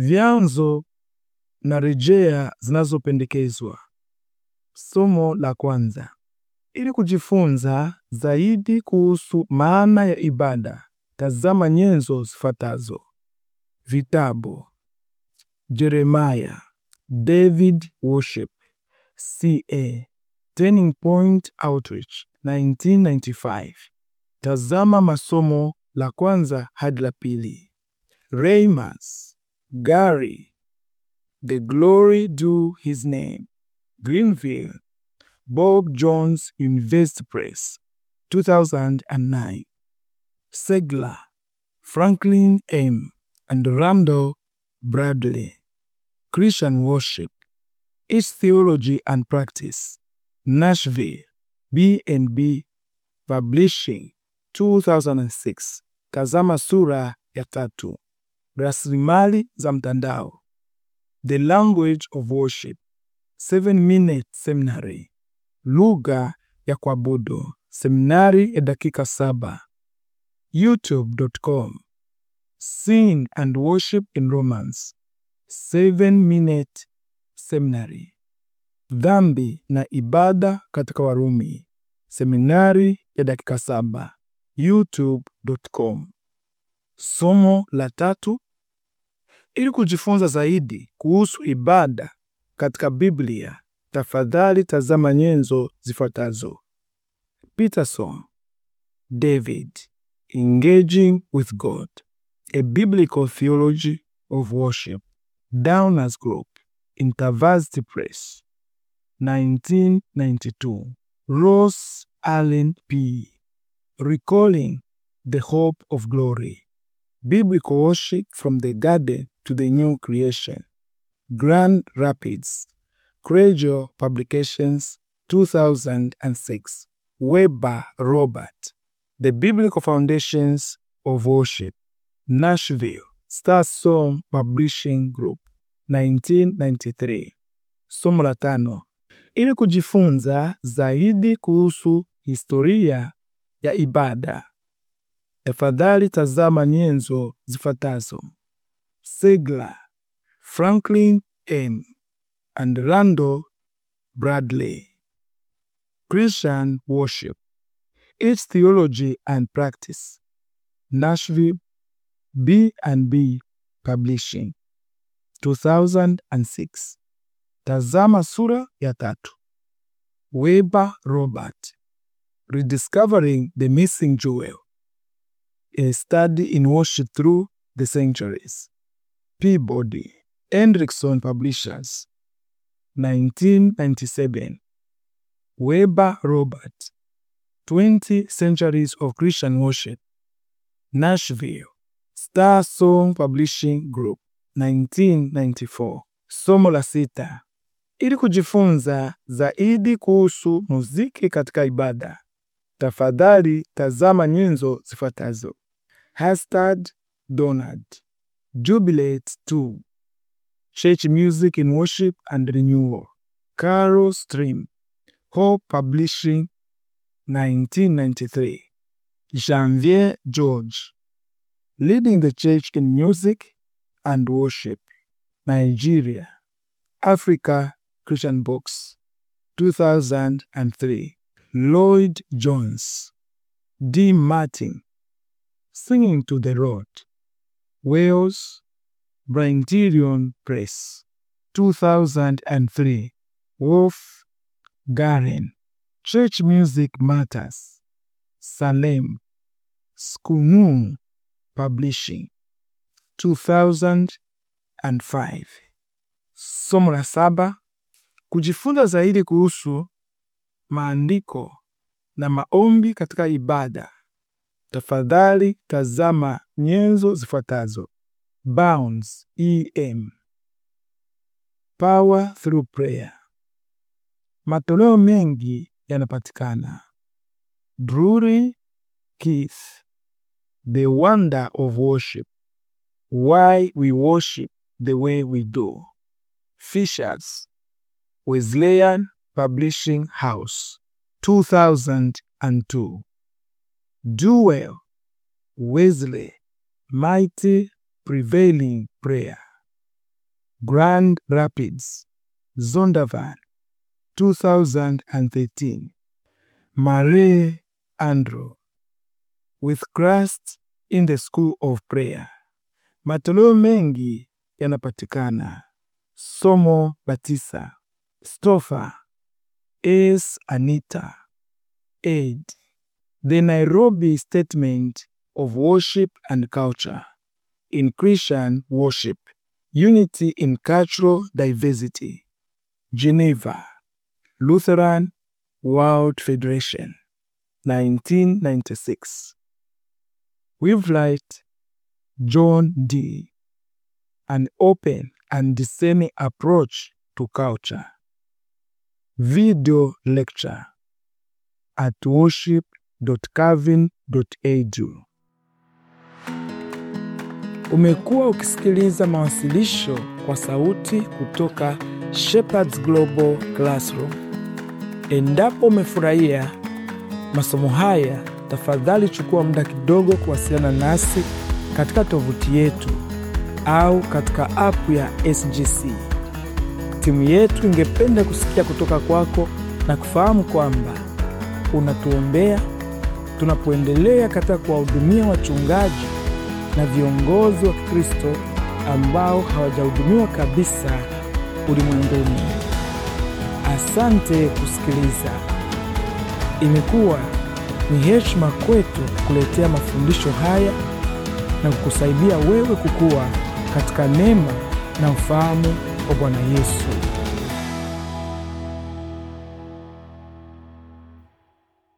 Vyanzo na rejea zinazopendekezwa. Somo la kwanza. Ili kujifunza zaidi kuhusu maana ya ibada, tazama nyenzo zifuatazo: vitabu Jeremiah, David Worship, CA, Turning Point Outreach 1995. Tazama masomo la kwanza hadi la pili. Reimers Gary, the glory due his name. Greenville, Bob Jones University Press, 2009. Segler, Franklin M. and Randall Bradley. Christian Worship, Its Theology and Practice, Nashville, B&B Publishing, 2006. Kazama sura ya tatu. rasilimali za mtandao, The Language of Worship, 7 Minute Seminary, lugha ya kuabudu, seminari ya dakika saba, youtube.com Sing and Worship in Romans, 7 Minute Seminary, dhambi na ibada katika Warumi, seminari ya dakika saba youtube.com. Somo la tatu ili kujifunza zaidi kuhusu ibada katika Biblia, tafadhali tazama nyenzo zifuatazo: Peterson, David, Engaging with God, A Biblical Theology of Worship, Downers Group, InterVarsity Press, 1992. Ross Allen P. Recalling the Hope of Glory, Biblical Worship from the Garden to the new creation. Grand Rapids, Craigio Publications, 2006. Weber Robert, The Biblical Foundations of Worship, Nashville, Star Song Publishing Group, 1993. Somo la tano. Ili kujifunza zaidi kuhusu historia ya ibada, tafadhali tazama nyenzo zifuatazo. Segler, Franklin M., and Randall Bradley. Christian Worship Its Theology and Practice, Nashville, B&B Publishing, 2006. Tazama sura ya tatu. Weber Robert, Rediscovering the Missing Jewel, A Study in Worship Through the Centuries. Peabody, Hendrickson Publishers, 1997. Weber, Robert, 20 Centuries of Christian Worship, Nashville, Star Song Publishing Group, 1994. Somo la sita. Ili kujifunza zaidi kuhusu muziki katika ibada, tafadhali tazama nyenzo zifuatazo. Hastad Donald Jubilate Two, church music in worship and renewal. Carol Stream, Hope Publishing, 1993. Janvier George, Leading the Church in Music and Worship, Nigeria, Africa Christian Books, 2003. Lloyd Jones, D. Martin, Singing to the Lord. Wales Brindirion Press 2003 Wolf Garen Church Music Matters Salem Schoonung Publishing 2005 Somo la saba kujifunza zaidi kuhusu maandiko na maombi katika ibada Tafadhali tazama nyenzo zifuatazo: bounds EM, Power Through Prayer. Matoleo mengi yanapatikana: Drury Keith, The Wonder of Worship, Why We Worship the Way We Do, Fishers, Wesleyan Publishing House, 2002. Jewel Wesley, Mighty Prevailing Prayer, Grand Rapids, Zondervan, 2013. Marie Andrew, With Christ in the School of Prayer. Matoleo mengi yanapatikana. Somo batisa Stofa, Es Anita, Aid The Nairobi Statement of Worship and Culture in Christian Worship: Unity in Cultural Diversity, Geneva: Lutheran World Federation, 1996. Wavelength: John D. An Open and Discerning Approach to Culture. Video lecture at Worship www.calvin.edu. Umekuwa ukisikiliza mawasilisho kwa sauti kutoka Shepherds Global Classroom. Endapo umefurahia masomo haya, tafadhali chukua muda kidogo kuwasiliana nasi katika tovuti yetu au katika app ya SGC. Timu yetu ingependa kusikia kutoka kwako na kufahamu kwamba unatuombea tunapoendelea katika kuwahudumia wachungaji na viongozi wa Kikristo ambao hawajahudumiwa kabisa ulimwenguni. Asante kusikiliza. Imekuwa ni heshima kwetu kukuletea mafundisho haya na kukusaidia wewe kukua katika neema na ufahamu wa Bwana Yesu.